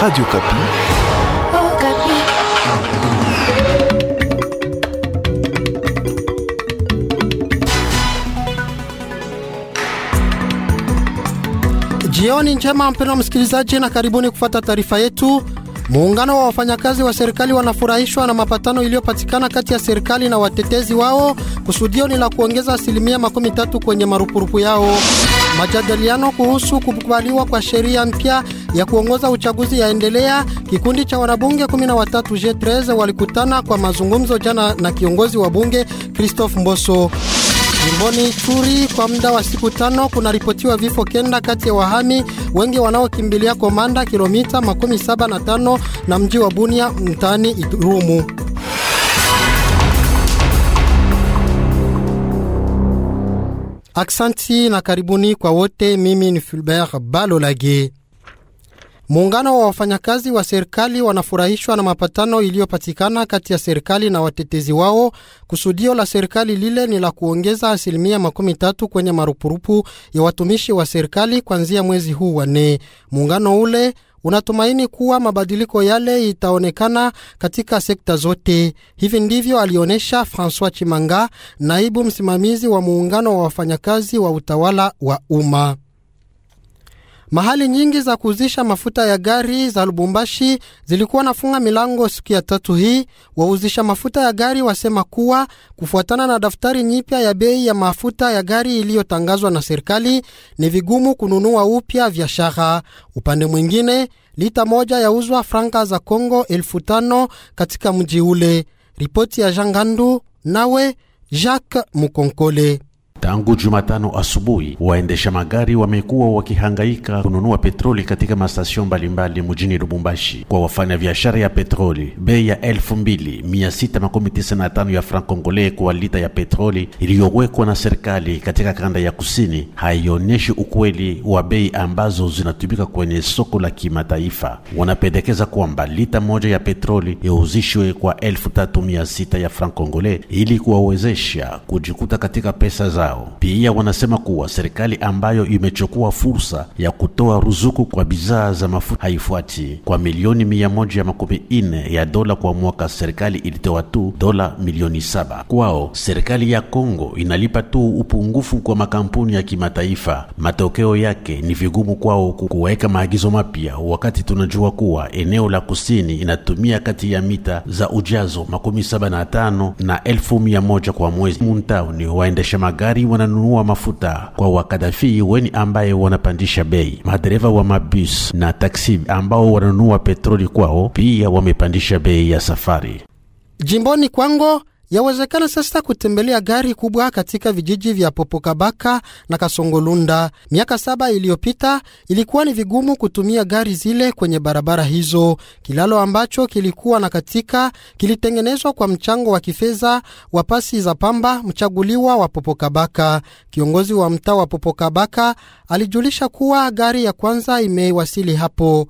Radio Kapi. Oh, Kapi. Jioni njema mpendwa msikilizaji na karibuni kufuata taarifa yetu. Muungano wa wafanyakazi wa serikali wanafurahishwa na mapatano iliyopatikana kati ya serikali na watetezi wao. Kusudio ni la kuongeza asilimia makumi tatu kwenye marupurupu yao. Majadiliano kuhusu kukubaliwa kwa sheria mpya ya kuongoza uchaguzi yaendelea. Kikundi cha wanabunge 13 G13 walikutana kwa mazungumzo jana na kiongozi wa bunge Christophe Mboso. Jimboni Ituri kwa muda wa siku tano kunaripotiwa vifo kenda kati ya wahami wengi wanaokimbilia Komanda, kilomita 75 na na mji wa Bunia mtaani Irumu. Aksanti na karibuni kwa wote. Mimi ni Fulbert Balolage. Muungano wa wafanyakazi wa serikali wanafurahishwa na mapatano iliyopatikana kati ya serikali na watetezi wao. Kusudio la serikali lile ni la kuongeza asilimia makumi tatu kwenye marupurupu ya watumishi wa serikali kuanzia mwezi huu wa nne. Muungano ule unatumaini kuwa mabadiliko yale itaonekana katika sekta zote. Hivi ndivyo alionyesha Francois Chimanga, naibu msimamizi wa muungano wa wafanyakazi wa utawala wa umma. Mahali nyingi za kuuzisha mafuta ya gari za Lubumbashi zilikuwa nafunga milango siku ya tatu hii. Wauzisha mafuta ya gari wasema kuwa kufuatana na daftari nyipya ya bei ya mafuta ya gari iliyotangazwa na serikali, ni vigumu kununua upya biashara. Upande mwingine, lita moja yauzwa franka za Kongo elfu tano katika mji ule. Ripoti ya Gandu nawe Jacques Mukonkole. Tangu Jumatano asubuhi, waendesha magari wamekuwa wakihangaika kununua petroli katika mastasio mbalimbali mjini Lubumbashi. Kwa wafanya biashara ya petroli, bei ya 2695 ya franc congolais kwa lita ya petroli iliyowekwa na serikali katika kanda ya kusini haionyeshi ukweli wa bei ambazo zinatumika kwenye soko la kimataifa. Wanapendekeza kwamba lita moja ya petroli iuzishwe kwa 3600 ya franc congolais ili kuwawezesha kujikuta katika pesa za yao. Pia wanasema kuwa serikali ambayo imechukua fursa ya kutoa ruzuku kwa bidhaa za mafuta haifuati. Kwa milioni mia moja makumi ine ya dola kwa mwaka, serikali ilitoa tu dola milioni saba. Kwao serikali ya Kongo inalipa tu upungufu kwa makampuni ya kimataifa. Matokeo yake ni vigumu kwao kuweka maagizo mapya, wakati tunajua kuwa eneo la kusini inatumia kati ya mita za ujazo makumi saba na tano na elfu mia moja kwa mwezi. ni waendesha magari magari wananunua mafuta kwa wakadafi weni ambaye wanapandisha bei. Madereva wa mabus na taksi ambao wananunua petroli kwao pia wamepandisha bei ya safari. Jimboni Kwango Yawezekana sasa kutembelea gari kubwa katika vijiji vya Popokabaka na Kasongolunda. Miaka saba iliyopita ilikuwa ni vigumu kutumia gari zile kwenye barabara hizo. Kilalo ambacho kilikuwa na katika kilitengenezwa kwa mchango wa kifedha wa pasi za pamba, mchaguliwa wa Popokabaka. Kiongozi wa mtaa wa Popokabaka alijulisha kuwa gari ya kwanza imewasili hapo.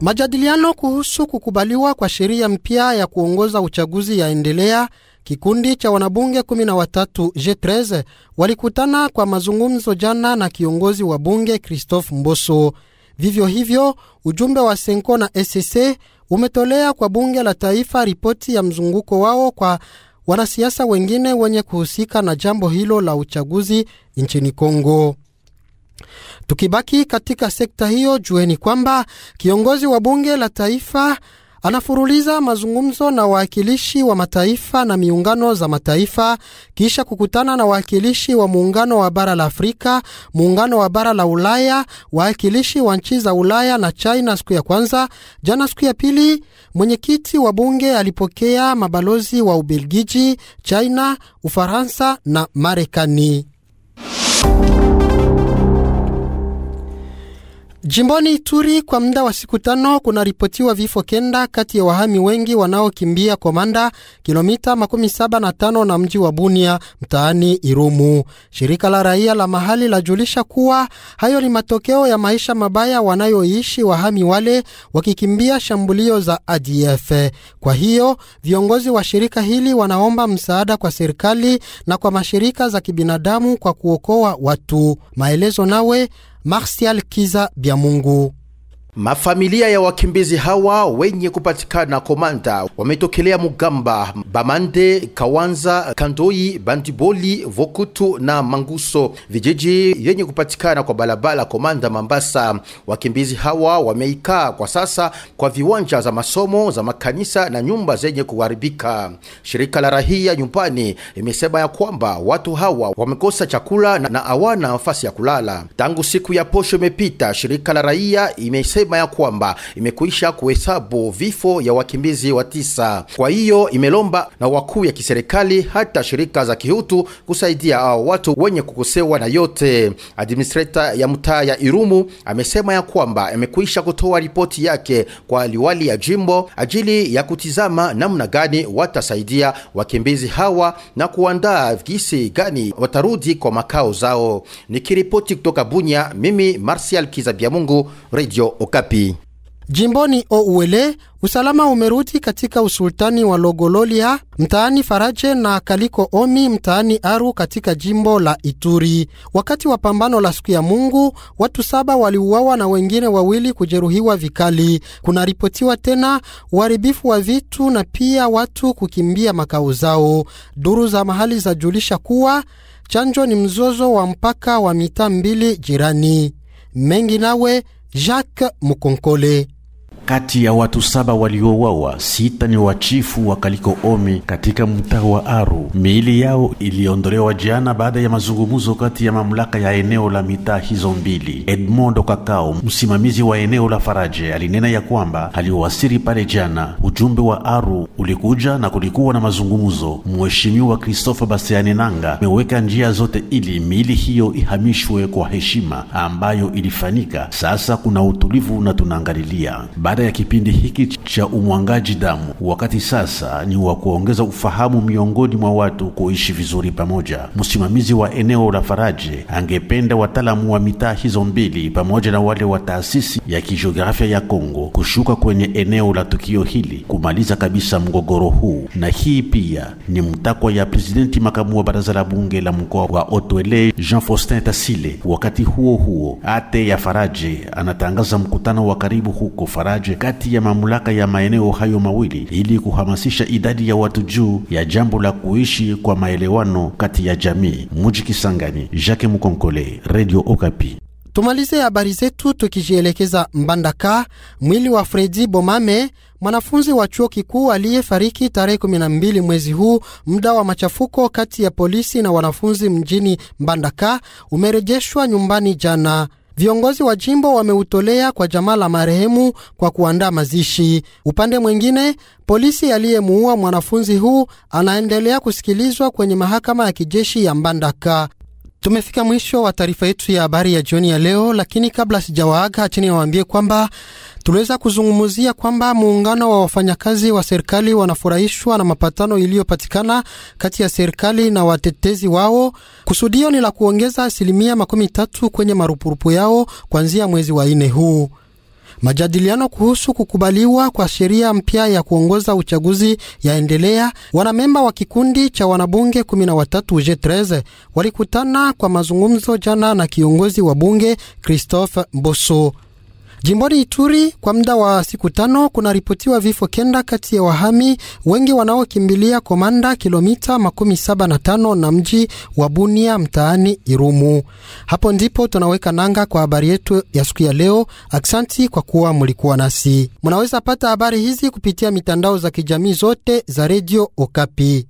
Majadiliano kuhusu kukubaliwa kwa sheria mpya ya kuongoza uchaguzi yaendelea. Kikundi cha wanabunge 13 G13 walikutana kwa mazungumzo jana na kiongozi wa bunge Christophe Mboso. Vivyo hivyo, ujumbe wa Senko na SC umetolea kwa bunge la taifa ripoti ya mzunguko wao kwa wanasiasa wengine wenye kuhusika na jambo hilo la uchaguzi nchini Kongo. Tukibaki katika sekta hiyo, jueni kwamba kiongozi wa bunge la taifa anafuruliza mazungumzo na wawakilishi wa mataifa na miungano za mataifa kisha kukutana na wawakilishi wa muungano wa bara la Afrika, muungano wa bara la Ulaya, wawakilishi wa nchi za Ulaya na China siku ya kwanza. Jana siku ya pili, mwenyekiti wa bunge alipokea mabalozi wa Ubelgiji, China, Ufaransa na Marekani. Jimboni Ituri kwa muda wa siku tano kunaripotiwa vifo kenda kati ya wahami wengi wanaokimbia Komanda, kilomita 75 na mji wa Bunia, mtaani Irumu. Shirika la raia la mahali lajulisha kuwa hayo ni matokeo ya maisha mabaya wanayoishi wahami wale wakikimbia shambulio za ADF. Kwa hiyo viongozi wa shirika hili wanaomba msaada kwa serikali na kwa mashirika za kibinadamu kwa kuokoa watu. Maelezo nawe Martial Kiza Biamungu. Mafamilia ya wakimbizi hawa wenye kupatikana Komanda wametokelea Mugamba, Bamande, Kawanza, Kandoi, Bandiboli, Vokutu na Manguso, vijiji yenye kupatikana kwa balabala Komanda Mambasa. Wakimbizi hawa wameikaa kwa sasa kwa viwanja za masomo za makanisa na nyumba zenye kuharibika. Shirika la rahia nyumbani imesema ya kwamba watu hawa wamekosa chakula na hawana nafasi ya kulala tangu siku ya posho imepita. Shirika la raia imesema kusema ya kwamba imekwisha kuhesabu vifo ya wakimbizi wa tisa. Kwa hiyo imelomba na wakuu ya kiserikali hata shirika za kihutu kusaidia hao watu wenye kukosewa na yote. Administrator ya mtaa ya Irumu amesema ya kwamba imekwisha kutoa ripoti yake kwa liwali ya jimbo ajili ya kutizama namna gani watasaidia wakimbizi hawa na kuandaa gisi gani watarudi kwa makao zao. Nikiripoti kutoka Bunya, mimi Martial Kizabiamungu, Radio Okapi. Jimboni Ouele usalama umerudi katika usultani wa Logololia mtaani Faraje na Kaliko Omi mtaani Aru katika jimbo la Ituri. Wakati wa pambano la siku ya Mungu, watu saba waliuawa na wengine wawili kujeruhiwa vikali. Kunaripotiwa tena uharibifu wa vitu na pia watu kukimbia makao zao. Duru za mahali zajulisha kuwa chanjo ni mzozo wa mpaka wa mitaa mbili jirani mengi nawe Jacques Mukonkole. Kati ya watu saba waliowawa sita ni wachifu wa Kaliko Omi katika mtaa wa Aru. Miili yao iliondolewa jana baada ya mazungumzo kati ya mamlaka ya eneo la mitaa hizo mbili. Edmondo Kakao, msimamizi wa eneo la Faraje, alinena ya kwamba aliowasiri pale jana, ujumbe wa Aru ulikuja na kulikuwa na mazungumzo. Mheshimiwa Christopher Baseanenanga ameweka njia zote ili miili hiyo ihamishwe kwa heshima ambayo ilifanyika. Sasa kuna utulivu na tunaangalilia baada ya kipindi hiki cha umwangaji damu. Wakati sasa ni wa kuongeza ufahamu miongoni mwa watu kuishi vizuri pamoja. Msimamizi wa eneo la Faraje angependa wataalamu wa mitaa hizo mbili pamoja na wale wa taasisi ya kijiografia ya Kongo kushuka kwenye eneo la tukio hili kumaliza kabisa mgogoro huu, na hii pia ni mtakwa ya presidenti makamu wa baraza la bunge la mkoa wa Otwele Jean Faustin Tasile. Wakati huo huo, ate ya Faraje anatangaza mkutano wa karibu huko Faraje nje kati ya mamlaka ya maeneo hayo mawili ili kuhamasisha idadi ya watu juu ya jambo la kuishi kwa maelewano kati ya jamii. Muji Kisangani, Jacques Mukonkole, Radio Okapi. Tumalize habari zetu tukijielekeza Mbandaka. Mwili wa Fredi Bomame, mwanafunzi wa chuo kikuu aliyefariki tarehe 12 mwezi huu, muda wa machafuko kati ya polisi na wanafunzi mjini Mbandaka, umerejeshwa nyumbani jana. Viongozi wa jimbo wameutolea kwa jamaa la marehemu kwa kuandaa mazishi. Upande mwingine, polisi aliyemuua mwanafunzi huu anaendelea kusikilizwa kwenye mahakama ya kijeshi ya Mbandaka. Tumefika mwisho wa taarifa yetu ya habari ya jioni ya leo, lakini kabla sijawaaga, acheni niwaambie kwamba tunaweza kuzungumzia kwamba muungano wa wafanyakazi wa serikali wanafurahishwa na mapatano iliyopatikana kati ya serikali na watetezi wao. Kusudio ni la kuongeza asilimia makumi tatu kwenye marupurupu yao kuanzia mwezi wa nne huu. Majadiliano kuhusu kukubaliwa kwa sheria mpya ya kuongoza uchaguzi yaendelea. Wanamemba wa kikundi cha wanabunge 13 G13 walikutana kwa mazungumzo jana na kiongozi wa bunge Christophe Mboso. Jimboni Ituri, kwa muda wa siku tano kunaripotiwa vifo kenda kati ya wahami wengi wanaokimbilia Komanda, kilomita makumi saba na tano na mji wa Bunia, mtaani Irumu. Hapo ndipo tunaweka nanga kwa habari yetu ya siku ya leo. Aksanti kwa kuwa mlikuwa nasi. Munaweza pata habari hizi kupitia mitandao za kijamii zote za Redio Okapi.